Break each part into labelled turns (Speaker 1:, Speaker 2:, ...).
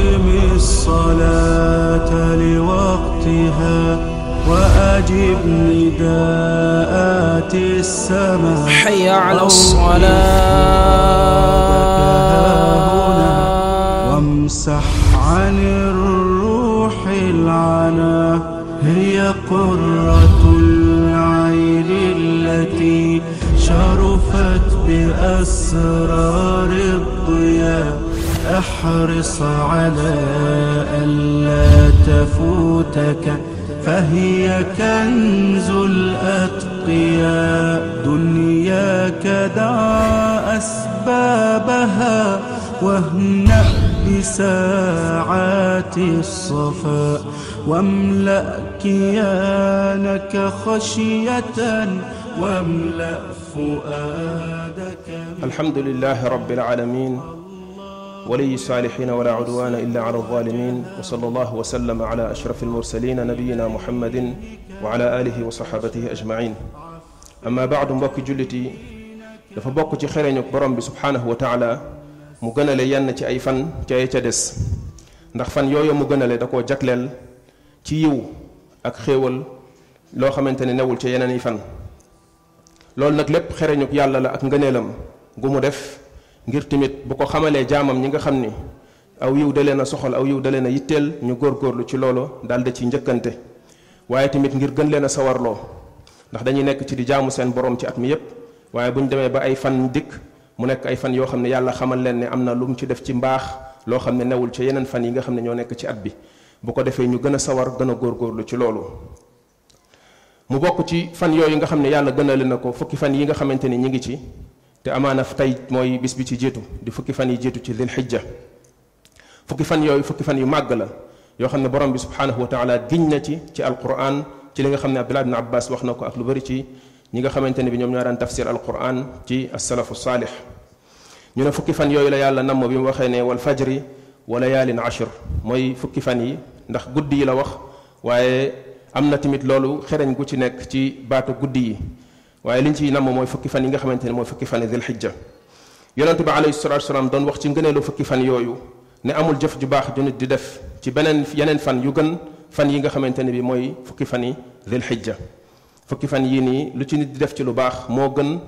Speaker 1: أقم الصلاة لوقتها وأجب نداءات السماء حي على الصلاة وامسح عن الروح العنا هي قرة العين التي شرفت بأسرار الضياء احرص على ألا تفوتك فهي كنز الأتقياء دنياك دع أسبابها واهنأ بساعات الصفاء واملأ كيانك خشية
Speaker 2: واملأ فؤادك الحمد لله رب العالمين ولي الصالحين ولا عدوان إلا على الظالمين وصلى الله وسلم على أشرف المرسلين نبينا محمد وعلى آله وصحابته أجمعين أما بعد mbokki jullit yi dafa bokk ci xereñu borom bi subhaanahu wa taala mu gënale yenn ci ay fan caye ca des ndax fan yooyu mu gënale da koo jagleel ci yiw ak xéewal loo xamante ne newul ca yeneen yi fan loolu nag lépp xereñu yàlla la ak ngëneelam gu mu def ngir tamit bu ko xamalee jaamam ñi nga xam ni aw yiw de leen a soxal aw yiw de leen a yitteel ñu góorgóorlu ci loolu daal di ci njëkkante waaye tamit ngir gën leen a sawarloo ndax dañuy nekk ci di jaamu seen boroom ci at mi yépp waaye bu ñu demee ba ay fan dikk mu nekk ay fan yoo xam ne yàlla xamal leen ne am na lu mu ci def ci mbaax loo xam ne newul ci yeneen fan yi nga xam ne ñoo nekk ci at bi bu ko defee ñu gën a sawar gën a góorgóorlu ci loolu bokk ci fan yooyu nga xam ne yàlla gënale na ko fukki fan yi nga xamante ni ñi ngi ci te amaana tey mooy bis bi ci jiitu di fukki fan yi jiitu ci dil xijja fukki fan yooyu fukki fan yu màgg la yoo xam ne borom bi subhaanahu wa taala giñ na ci ci alquran ci li nga xam ne abdullah ibn abbas wax na ko ak lu bari ci ñi nga xamante ne bi ñoom ñoo daan tafsir alquran ci asalafu saalix ñu ne fukki fan yooyu la yàlla namm bi mu waxee ne wal fajri wa layaalin ashir mooy fukki fan yi ndax guddi yi la wax waaye am na tamit loolu xereñ gu ci nekk ci baatu guddi yi waaye liñ ci namm mooy fukki fan yi nga xamante ne mooy fukki fan yi dil xijja yonente bi alayhi salatu wasalaam doon wax ci ngëneelu fukki fan yooyu ne amul jëf ju baax ju di def ci beneen yeneen fan yu gën fan yi nga xamante ne bi mooy fukki fan yi dil xijja fukki fan yii nii lu ci nit di def ci lu baax moo gën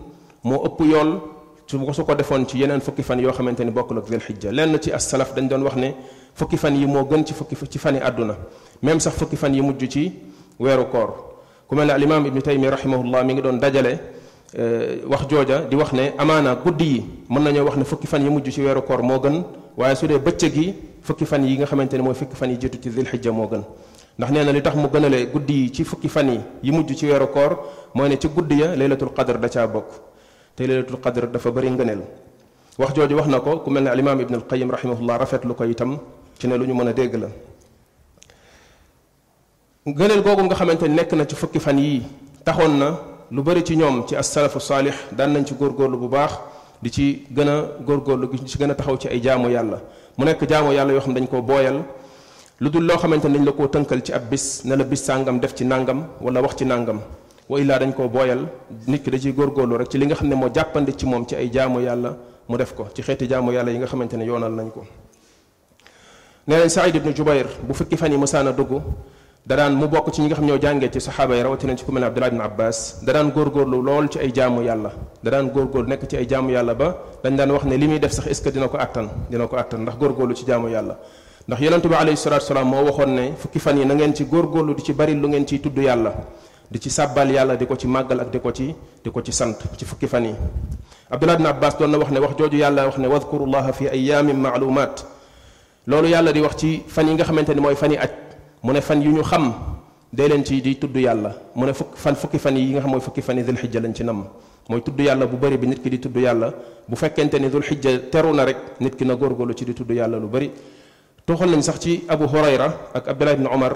Speaker 2: moo ëpp yool su ko su defoon ci yeneen fukki fan yoo xamante ni bokkul ak dil xijja lenn ci as dañ doon wax ne fukki fan yi moo gën ci fukki ci fan yi àdduna même sax fukki fan yi mujj ci weeru koor ku mel ne alimaam ibnu taymi rahimahullah mi ngi doon dajale eh, wax jooja di wax ne amaana guddi yi mën nañoo wax ne fukki fan yi mujj ci weeru koor moo gën waaye su dee bëccëg yi fukki fan yi nga xamante ne mooy fukki fan yi jiitu ci zilxijja moo gën ndax nee na li tax mu gënale guddi yi ci fukki fan yi yi mujj ci weeru koor mooy ne ci guddi ya laylatul qadr da caa bokk te laylatul qadr dafa bëri ngëneel wax jooju wax na ko ku mel ne alimaam ibnu alqayim rahimahullah rafetlu ko itam ci ne lu ñu mën a dégg la gëneel googu nga xamante ni nekk na ci fukki fan yii taxoon na lu bari ci ñoom ci as-salafu saalix daan nañ ci góor góorgóorlu bu baax di ci gën a góorgóorlu di ci gën a taxaw ci ay jaamu yàlla mu nekk jaamu yàlla yoo xam dañ koo booyal lu dul loo xamante ni dañ la koo tënkal ci ab bis ne la sàngam def ci nàngam wala wax ci nàngam wa dañ koo booyal nit da ciy góorgóorlu rek ci li nga xam ne moo jàppandi ci moom ci ay jaamu yàlla mu def ko ci xeeti jaamu yàlla yi nga xamante ne yoonal nañ ko nee nañ ibnu Jubayr bu fukki fan yi mësaan a dugg danaan mu bokk ci ñi nga xam ñoo jàngee ci saxaaba yi rawatina ci ku mel ne Abdullah ibn Abbas danaan góorgóorlu lool ci ay jaamu yàlla danaan góorgóorlu nekk ci ay jaamu yàlla ba dañ daan wax ne li muy def sax est ce que dina ko attan dina ko attan ndax góorgóorlu ci jaamu yàlla ndax yonente bi alayhi salatu salaam moo waxoon ne fukki fan yi na ngeen ci góorgóorlu di ci bari lu ngeen ciy tudd yàlla di ci sàbbal yàlla di ko ci màggal ak di ko ci di ko sant ci fukki fan yi Abdullah ibn Abbas doon na wax ne wax jooju yàlla wax ne wadkurullaha fi ayamin loolu yàlla di wax ci fan yi nga xamante ni mooy fan yi aj mu ne fan yu ñu xam dee leen ci di tudd yàlla mu ne fukk fan fukki fan yi nga xam mooy fukki fan yi dul xijja lañ ci namm mooy tudd yàlla bu bëri bi nit ki di tudd yàlla bu fekkente ni dul xijja teru na rek nit ki na góor góorgóorlu ci di tudd yàlla lu bari toxal nañ sax ci abu hurayra ak abdullah ibn omar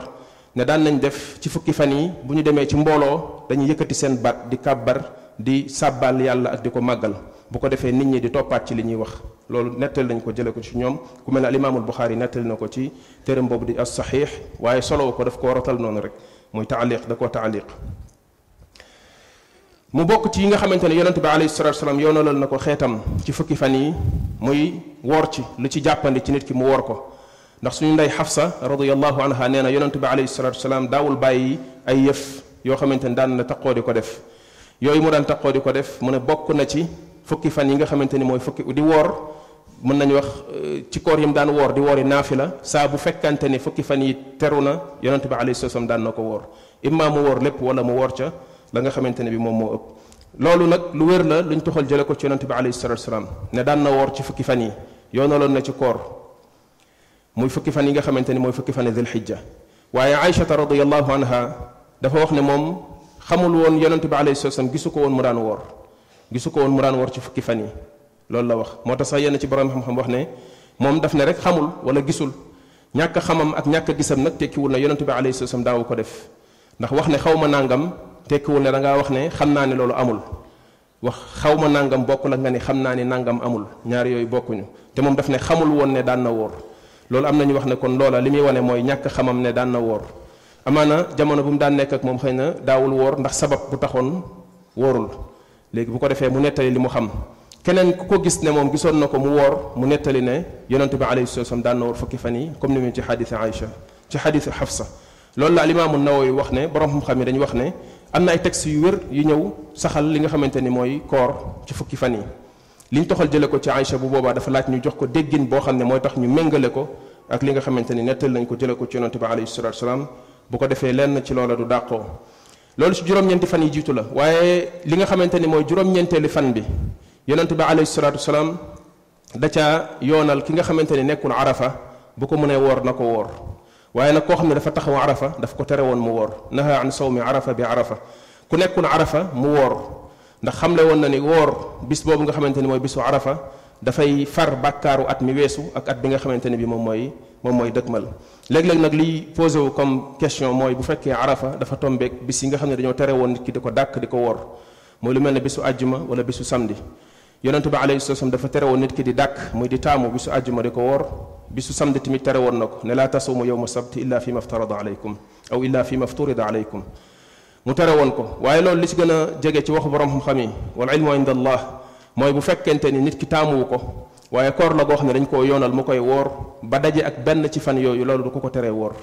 Speaker 2: ne daan nañ def ci fukki fan yi bu ñu demee ci mbooloo dañuy yëkkati seen baat di kàbbar di sàbbal yàlla ak di ko màggal bu ko defee nit ñi di toppaat ci li ñuy wax loolu nettali nañ ko jële ko ci ñoom ku mel ne alimaamul Buxaari nettali na ko ci téeram boobu di as saxiix waaye solow ko daf ko ratal noonu rek muy taaliq da koo taaliq mu bokk ci yi nga xamante ne yonente bi alayhi salatu salaam yoonalal na ko xeetam ci fukki fan yi muy woor ci lu ci jàppandi ci nit ki mu woor ko ndax suñu ndey xafsa radiallahu anha nee na yonente bi alayhi salatu salaam daawul bàyyi ay yëf yoo xamante ne daan na taqoo di ko def yooyu mu daan taqoo di ko def mu ne bokk na ci fukki fan yi nga xamante ni mooy fukki di woor mën nañu wax euh, ci koor yi mu daan woor di woori naafila saa bu fekkante ni fukki fan yi teru na yonent bi alayhi salaam daan na ko woor imma mu woor lépp wala mu woor ca la nga xamante ne bi moom moo ëpp loolu nag lu wér la luñ toxal jële ko ci yonent bi alayhi salaatu salaam ne daan na woor ci fukki fan yi yoonaloon na ci koor muy fukki fan yi nga xamante ni mooy fukki fan yi dil xijja waaye aïchata radiallahu anha dafa wax ne moom xamul woon yonent bi alayhi salaam gisu ko woon mu daan woor gisu ko woon mu daan wor ci fukki fan yi loolu la wax moo tax sax yenn ci borom xam-xam wax ne moom daf ne rek xamul wala gisul ñàkk xamam ak ñàkk gisam nag tekkiwul na yonent bi alayhi salaam daawu ko def ndax wax ne xaw ma nàngam tekkiwul ne da wax ne xam naa ne loolu amul wax xaw ma nàngam bokk la nga ne xam naa ni nàngam amul ñaar yooyu bokkuñu te moom daf ne xamul woon ne daan na wóor loolu am na ñu wax ne kon loola li muy wane mooy ñàkk xamam ne daan na wóor amaana jamono bu mu daan nekk ak moom xëy na daawul wóor ndax sabab bu taxoon wóorul léegi bu ko defee mu nettali li mu xam keneen ku ko gis ne moom gisoon na ko mu woor mu nettali ne yonent bi alayhi salaam daan na woor fukki fan yi comme ni mu ci xadiis Aïcha ci xadiis Xafsa loolu la alimaamu Nawawi wax ne borom xam-xam yi dañu wax ne am na ay textes yu wér yu ñëw saxal li nga xamante ni mooy koor ci fukki fan yi li ñu toxal jële ko ci Aïcha bu boobaa dafa laaj ñu jox ko déggin boo xam ne mooy tax ñu méngale ko ak li nga xamante ni nettal nañ ko jële ko ci yonent bi alayhi salaatu wasalaam bu ko defee lenn ci loola du dàqoo loolu si juróom-ñeenti fan yi jiitu la waaye li nga xamante ni mooy juróom-ñeenteelu fan bi yonent bi alayhi salaatu wasalaam da ca yoonal ki nga xamante ni nekkul arafa bu ko mënee woor na ko woor waaye nag koo xam ne dafa taxaw arafa daf ko tere woon mu woor naha an mi arafa bi arafa ku nekkul arafa mu woor ndax xamle woon na ni woor bis boobu nga xamante ni mooy bisu arafa dafay far bàkkaaru at mi weesu ak at bi nga xamante ne bi moom mooy moom mooy dëkkmal léeg-léeg nag liy posé wu comme question mooy bu fekkee arafa dafa tombeek bis yi nga xam ne dañoo tere woon nit ki di ko dàkk di ko wor mooy lu mel ne bisu ma wala bisu samedi yonentu bi alayhi salaam dafa tere woon nit ki di dàkk muy di taamu bisu àjjuma di ko wor bisu samedi tamit tere woon na ko ne laa tasuumu yowma sabti illa fi ma ftarada aleykum aw illa fi ma fturida aleykum mu tere woon ko waaye loolu li ci gën a jege ci waxu borom xam-xam yi wal ilmu inda mooy bu fekkente ni nit ki taamuwu ko waaye koor la goo xam ne dañ koo yoonal mu koy woor ba daje ak benn ci fan yooyu loolu du ko ko teree woor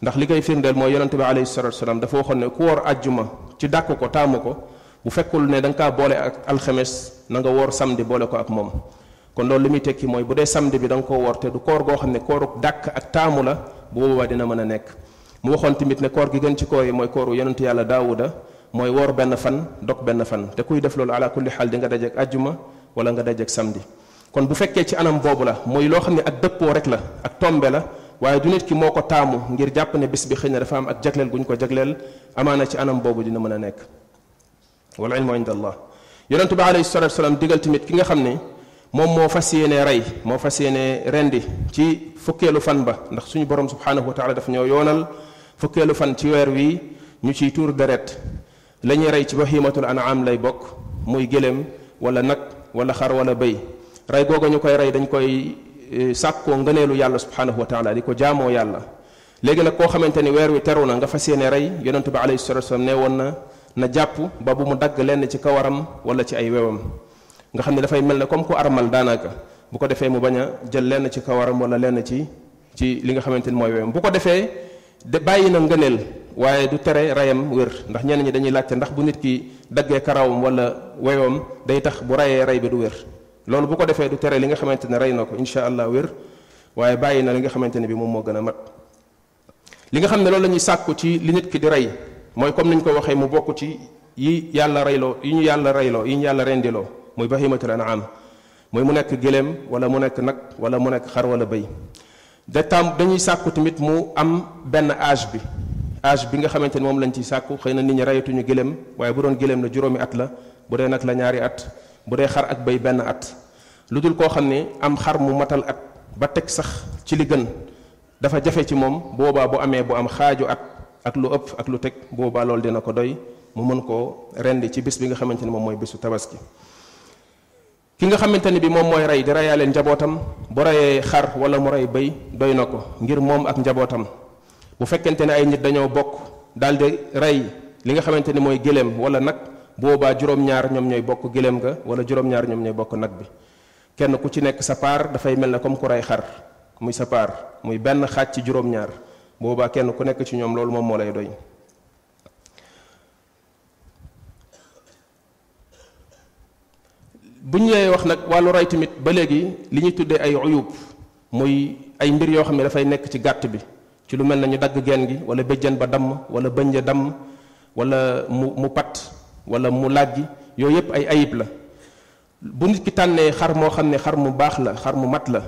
Speaker 2: ndax li koy firndeel mooy yonente bi alayhi salatu wasalaam dafa waxoon ne ku woor ajjuma ci dàkk ko taamu ko bu fekkul ne da nga kaa boole ak alxames na nga woor samedi boole ko ak moom kon loolu li muy tekki mooy bu dee samedi bi da nga ko woor te du koor goo xam ne kooruk dàkk ak taamu la bu waa dina mën a nekk mu waxoon tamit ne koor gi gën ci koor yi mooy kooru yonente yàlla daawuda mooy woor benn fan dog benn fan te kuy def loolu ala kulli xaal di nga dajeeg ajjuma wala nga dajeeg samedi kon bu fekkee ci anam boobu la mooy loo xam ne ak dëppoo rek la ak tombe la waaye du nit ki moo ko taamu ngir jàpp ne bis bi xëy na dafa am ak jagleel gu ñu ko jagleel amaana ci anam boobu dina mën a nekk wal ilmu inda allah yonentu bi alayhi salatu wasalaam tamit ki nga xam ne moom moo fas yéene rey moo fas yéene rendi ci fukkeelu fan ba ndax suñu borom subhanahu wa taala daf ñoo yoonal fukkeelu fan ci weer wi ñu ciy tuur deret la ñuy rey ci bahimatul an'am lay bokk muy gëléem wala nag wala xar wala bëy rey googa ñu koy rey dañ koy eh, sàkkoo ngëneelu yàlla subhanahu wa taala di ko jaamoo yàlla léegi nag koo xamante ni weer wi teru na nga fa yéene rey yonentu bi alayhi salatu wasalam ne woon na na jàpp ba bu mu dagg lenn ci kawaram wala ci ay wewam nga xam ne dafay mel ne comme ku armal daanaka bu ko defee mu bañ a jël lenn ci kawaram wala lenn ci ci li nga xamante ni mooy wewam bu ko defee de bàyyi na ngëneel waaye du tere rayam wér ndax ñenn ñi dañuy laajte ndax bu nit ki daggee karawam wala weyoom day tax bu rayee rey bi du wér loolu bu ko defee du tere li nga xamante ne rey na ko incha allah wér waaye bàyyi na li nga xamante ne bi moom moo gën a mat li nga xam ne loolu la ñuy sàkku ci li nit ki di rey mooy comme niñ ko waxee mu bokk ci yi yàlla reyloo yi ñu yàlla reyloo yi ñu yàlla rendiloo muy bahimatul na mooy mu nekk gëléem wala mu nekk nag wala mu nekk xar wala bëy de tam dañuy sàkku tamit mu am benn âge bi âge bi nga xamante ni moom lañ ci sàkku xëy na nit ñi rayatuñu géléem waaye bu doon gëléem la juróomi at la bu dee nag la ñaari at bu dee xar ak béy benn at lu dul koo xam ne am xar mu matal at ba teg sax ci li gën dafa jafe ci moom boobaa bu amee bu am xaaju at ak lu ëpp ak lu teg boobaa loolu dina ko doy mu mën koo rendi ci bis bi nga xamante ni moom mooy bisu tabaski ki nga xamante ni bi moom mooy rey di reyaale njabootam bu reyee xar wala mu rey béy doy na ko ngir moom ak njabootam bu fekkente ne ay nit dañoo bokk daal di rey li nga xamante ni mooy gëléem wala nag boobaa juróom-ñaar ñoom ñooy bokk gëléem ga wala juróom-ñaar ñoom ñooy bokk nag bi kenn ku ci nekk sa paar dafay mel ne comme ku rey xar muy sa paar muy benn xaaj ci juróom-ñaar boobaa kenn ku nekk ci ñoom loolu moom moo lay doy. bu ñu lay wax nag wàllu rey tamit ba léegi li ñuy tuddee ay uyub muy ay mbir yoo xam ne dafay nekk ci gàtt bi. ci lu mel ne ñu dagg gen gi wala béjjën ba damm wala bëñ ja damm wala mu mu pat wala mu làggi yooyu yépp ay ayib la bu nit ki tànnee xar moo xam ne xar mu baax la xar mu mat la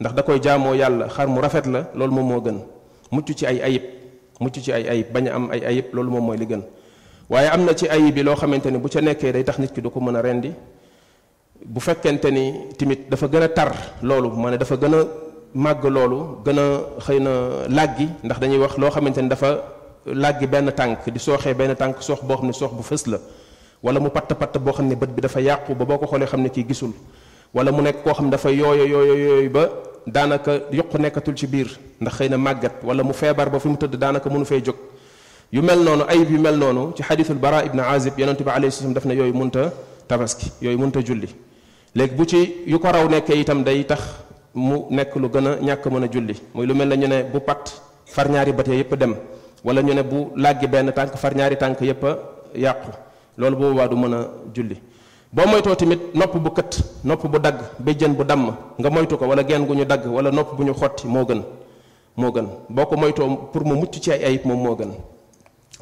Speaker 2: ndax da koy jaamoo yàlla xar mu rafet la loolu moom moo gën mucc ci ay ayib mucc ci ay ayib bañ a am ay ayib loolu moom mooy li gën waaye am na ci ayib yi loo xamante ni bu ca nekkee day tax nit ki du ko mën a rendi bu fekkente ni tamit dafa gën a tar loolu ma ne dafa gën a màgg loolu gën a xëy na làggi ndax dañuy wax loo xamante ni dafa làggi benn tànk di sooxee benn tànk soox boo xam ne soox bu fës la wala mu patt patt boo xam ne bët bi dafa yàqu ba boo ko xoolee xam ne kii gisul wala mu nekk koo xam ne dafa yooyo yooyo ba daanaka yokku nekkatul ci biir ndax xëy na màggat wala mu feebar ba fi mu tëdd daanaka mënu fay jóg yu mel noonu ayib yu mel noonu ci xadiisul bara ibn azib yonente bi alayhi salaam daf ne yooyu munta tabaski yooyu munta julli léegi bu ci yu ko raw nekkee itam day tax mu nekk lu gën a ñàkk mën a julli muy lu mel na ñu ne bu pat farñaari ñaari bët yëpp dem wala ñu ne bu làggi benn tànk farñaari tànk yëpp a yàqu loolu boobaa du mën a julli boo moytoo tamit nopp bu kët nopp bu dagg béjjën bu damm nga moytu ko wala genn gu ñu dagg wala nopp bu ñu xotti moo gën moo gën boo ko moytoo pour mu mucc ci ay ayib moom moo gën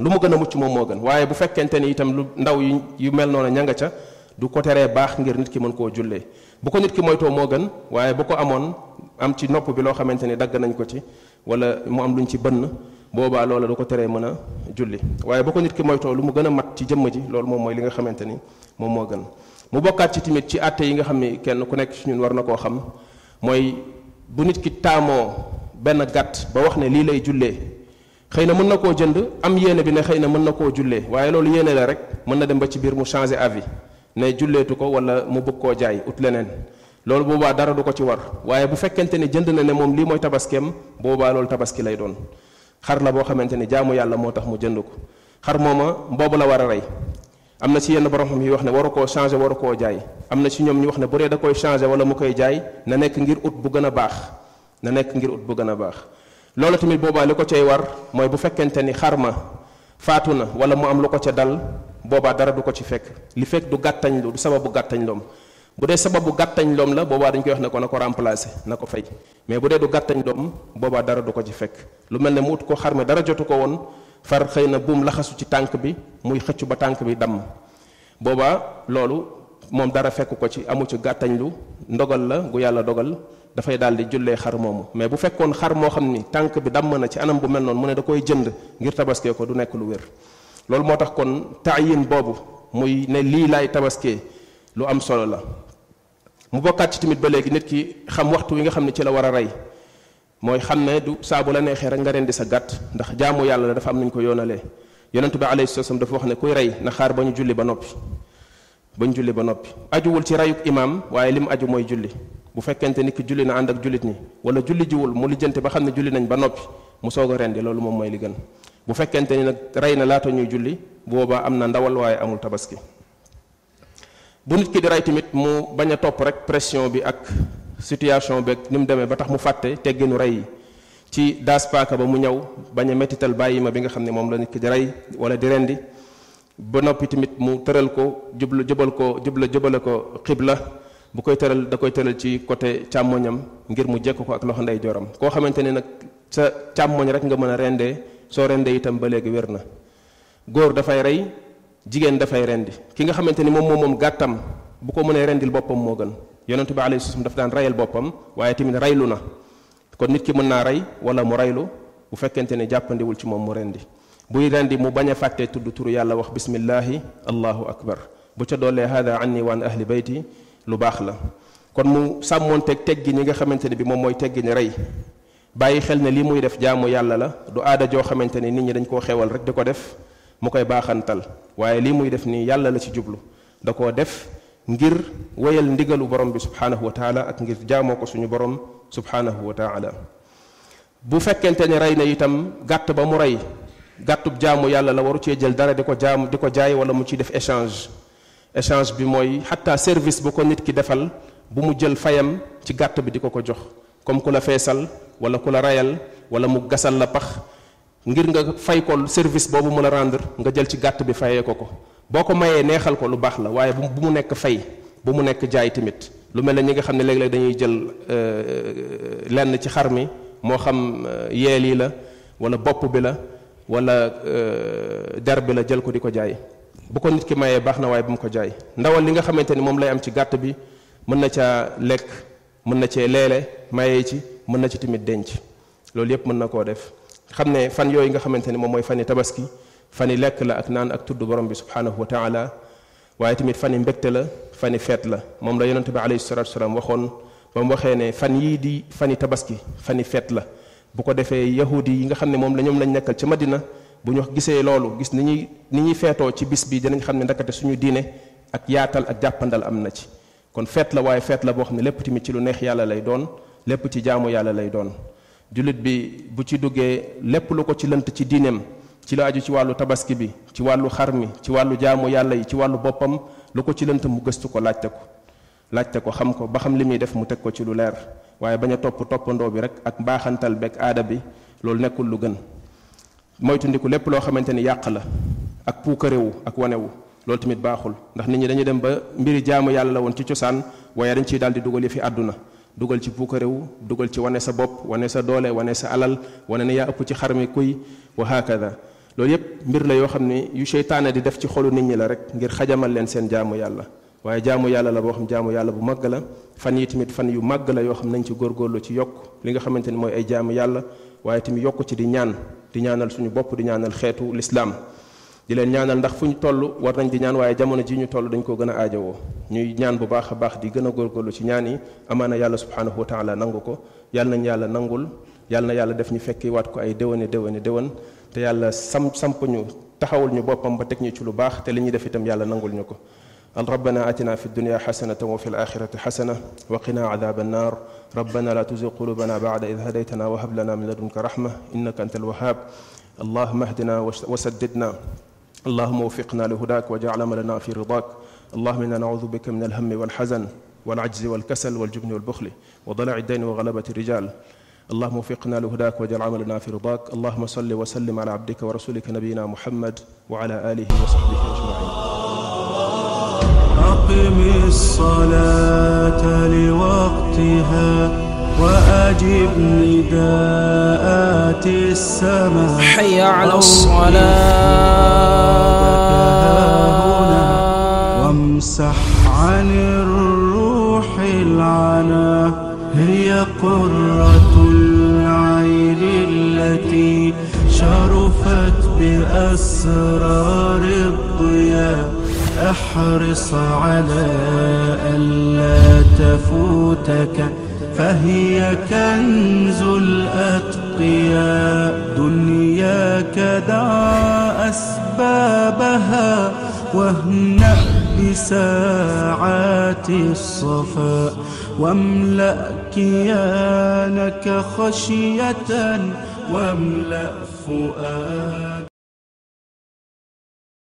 Speaker 2: lu mu gën a mucc moom moo gën waaye bu fekkente ni itam lu ndaw yu mel noonu ña nga ca du ko teree baax ngir nit ki mën koo jullee bu ko nit ki moytoo moo gën waaye bu ko amoon am ci nopp bi loo xamante ni dagg nañ ko ci wala mu am luñ ci bënn boobaa loola du ko teree mën a julli waaye bu ko nit ki moytoo lu mu gën a mat ci jëmm ji loolu moom mooy li nga xamante ni moom moo gën mu bokkaat ci tamit ci àtte yi nga xam ni kenn ku nekk ci ñun war na koo xam mooy bu nit ki taamoo benn gàtt ba wax ne lii lay jullee xëy na mën na koo jënd am yéene bi ne xëy na mën na koo jullee waaye loolu yéene la rek mën na dem ba ci biir mu changer avis ne julleetu ko wala mu bëgg koo jaay ut leneen loolu boobaa dara du ko ci war waaye bu fekkente ne jënd na ne moom lii mooy tabaskeem boobaa loolu tabaski lay doon xar la boo xamante ne jaamu yàlla moo tax mu jënd ko xar mooma boobu la war a rey am na ci yenn borom xam wax ne waru koo changé waru koo jaay am na ci ñoom ñu wax ne bu da koy changé wala mu koy jaay na nekk ngir ut bu gën a baax na nekk ngir ut bu gën a baax loolu tamit boobaa li ko cay war mooy bu fekkente ni xar ma faatu na wala mu am lu ko ca dal boobaa dara du ko ci fekk li fekk du gàttañ lu du sababu gàttañ loom bu dee sababu gàttañ loom la boobaa dañ koy wax ne ko na ko remplacer na ko fay mais bu dee du gàttañ loom boobaa dara du ko ci fekk lu mel ne mu ut ko xar mi dara jotu ko woon far xëy na buum laxasu ci tànk bi muy xëccu ba tànk bi damm boobaa loolu moom dara fekk ko ci amu ci gàttañ lu ndogal la gu yàlla dogal dafay daal di jullee xar moomu mais bu fekkoon xar moo xam ni tànk bi damm na ci anam bu mel noonu mu ne da koy jënd ngir tabaskee ko du nekk lu wér loolu moo tax kon taayin boobu muy ne lii laay tabaskee lu am solo la mu bokkaat ci tamit ba léegi nit ki xam waxtu wi nga xam ne ci la war a rey mooy xam ne du saa bu la neexee rek nga rendi sa gàtt ndax jaamu yàlla la dafa am nañ ko yoonalee yonentu bi alayhi salaam dafa wax ne kuy rey na xaar ba ñu julli ba noppi bañ julli ba noppi ajuwul ci rayuk imaam waaye li mu aju mooy julli bu fekkente ni ki julli na ànd ak jullit ñi wala julli jiwul mu lijjante ba xam ne julli nañ ba noppi mu soog a rendi loolu moom mooy li gën bu fekkente ni nag rey na laata ñuy julli boobaa am na ndawal amul tabaski bu nit ki di rey tamit mu bañ a topp rek pression bi ak situation beeg ni mu demee ba tax mu fàtte tegginu rey ci daas paaka ba mu ñëw bañ a métital bàyyi ma bi nga xam ne moom la nit ki di rey wala di rendi ba noppi tamit mu tëral ko jublu jëbal ko jubla jëbale ko la bu koy tëral da koy tëral ci côté càmmoñam ngir mu jekk ko ak loxo ndeyjooram koo xamante ne nag sa càmmoñ rek nga mën a rendee soo rendee itam ba léegi wér na góor dafay rey jigéen dafay rendi ki nga xamante ni moom moom moom gàttam bu ko mënee rendil boppam moo gën yonent bi alayhi salaam daf daan reyal boppam waaye tamit reylu na kon nit ki mën naa rey wala mu reylu bu fekkente ne jàppandiwul ci moom mu rendi buy rendi mu bañ a fàtte tudd turu yàlla wax bismillahi allahu akbar bu ca doolee hada anni waan ahli bayti lu baax la kon mu sàmmoonteeg teggi ñi nga xamante ne bi moom mooy teggi ni rey bàyyi xel ne lii muy def jaamu yàlla la du aada joo xamante ni nit ñi dañ koo xewal rek di ko def mu koy baaxantal waaye lii muy def nii yàlla la ci jublu da koo def ngir wéyal ndigalu borom bi subhaanahu wa taala ak ngir jaamoo ko suñu borom subhaanahu wa taala bu fekkente ne rey na itam gàtt ba mu rey gàttub jaamu yàlla la waru cee jël dara di ko jaamu di ko jaay wala mu ciy def échange échange bi mooy xatta service bu ko nit ki defal bu mu jël fayam ci gàtt bi di ko ko jox comme ku la feesal wala ku la rayal wala mu gasal la pax ngir nga fay ko service boobu mu la rendre nga jël ci gàtt bi fayee ko ko boo ko mayee neexal ko lu baax la waaye bu mu nekk fay bu mu nekk jaay tamit lu mel ne ñi nga xam ne léeg-léeg dañuy jël euh, euh, lenn ci xar mi moo xam euh, yeel yi la wala bopp bi la wala euh, der bi la jël ko di ko jaay bu ko nit ki mayee baax na waaye bu mu ko jaay ndawal li nga xamante ni moom lay am ci gàtt bi mën na caa lekk mën na cee leele mayee ci mën na ci tamit denc loolu yépp mën na koo def xam ne fan yooyu nga xamante ni moom mooy fan fani tabaski fan yi lekk la ak naan ak tudd borom bi subhaanahu wa taala waaye tamit fan fani mbégte la fani feet la moom la yonente bi alayhi salatu wasalaam waxoon ba mu waxee ne fan yii di fani tabaski fani feet la bu ko defee yahudi yi nga xam ne moom la ñoom lañ nekkal ca madina bu ñu gisee loolu gis ni ñuy ni ñuy feetoo ci bis bi dinañ xam ne ndakate suñu diine ak yaatal ak jàppandal am na ci kon feet la waaye feet la boo xam ne lépp tamit ci lu neex yàlla lay doon lépp ci jaamu yàlla lay doon jullit bi bu ci duggee lépp lu ko ci lënt ci diineem ci la aju ci wàllu tabaski bi ci wàllu xar mi ci wàllu jaamu yàlla yi ci wàllu boppam lu ko ci lënt mu gëstu ko laajte ko laajte ko xam ko ba xam li muy def mu teg ko ci lu leer waaye bañ a topp toppandoo bi rek ak mbaaxantal beeg aada bi loolu nekkul lu gën moytundiku lépp loo xamante ni yàq la ak puukarewu ak wane wu loolu tamit baaxul ndax nit ñi dañuy dem ba mbiri jaamu yàlla la woon ci cosaan waaye dañ ciy daal di dugal fi àdduna dugal ci puukarewu dugal ci wane sa bopp wane sa doole wane sa alal wane ne yaa ëpp ci xar mi kuy wa hakada loolu yépp mbir la yoo xam ne yu seytaane di def ci xolu nit ñi la rek ngir xajamal leen seen jaamu yàlla waaye jaamu yàlla la boo xam jaamu yàlla bu màgg la fan yi tamit fan yu màgg la yoo xam nañ ci góorgóorlu ci yokk li nga xamante ni mooy ay jaamu yàlla waaye tamit yokk ci di ñaan di ñaanal suñu bopp di ñaanal xeetu lislaam di leen ñaanal ndax fu ñu toll war nañ di ñaan waaye jamono ji ñu toll dañ koo gën a aajowoo ñuy ñaan bu baax a baax di gën a góorlu ci ñaan yi amaana yàlla subhaanahu wa taala nangu ko yàlla nañ yàlla nangul yàlla na yàlla def ñu fekki waat ko ay déwéne déwéne déwén te yàlla sam samp ñu taxawul ñu boppam ba teg ñu ci lu baax te li ñuy def itam yàlla nangul ñu ko an rabbana atina fi dunya xasanatan wa fi alaxirati xasana wa qina adaba annaar rabbana la tuzig qulubana bacda id hadaytana wa hab lana min ladunka raxma innaka anta alwahaab allahuma ahdina wa saddidna allahuma waffiqna lihudaak wa jacal amalana fi ridaak allahuma inna naudu bika min alhammi walxazan والعجز والكسل والجبن والبخل وضلع الدين وغلبة الرجال اللهم وفقنا لهداك واجعل عملنا في رضاك اللهم صل وسلم على عبدك ورسولك نبينا محمد وعلى آله وصحبه أجمعين
Speaker 1: وأقم الصلاة
Speaker 2: لوقتها
Speaker 1: وأجب نداءات السماء حي على الصلاة وامسح عن الروح العنا هي قرة العين التي شرفت بأسرار الضياء احرص على ألا تفوتك فهي كنز الأتقياء دنياك دع أسبابها واهنأ بساعات الصفاء واملأ كيانك خشية واملأ فؤاد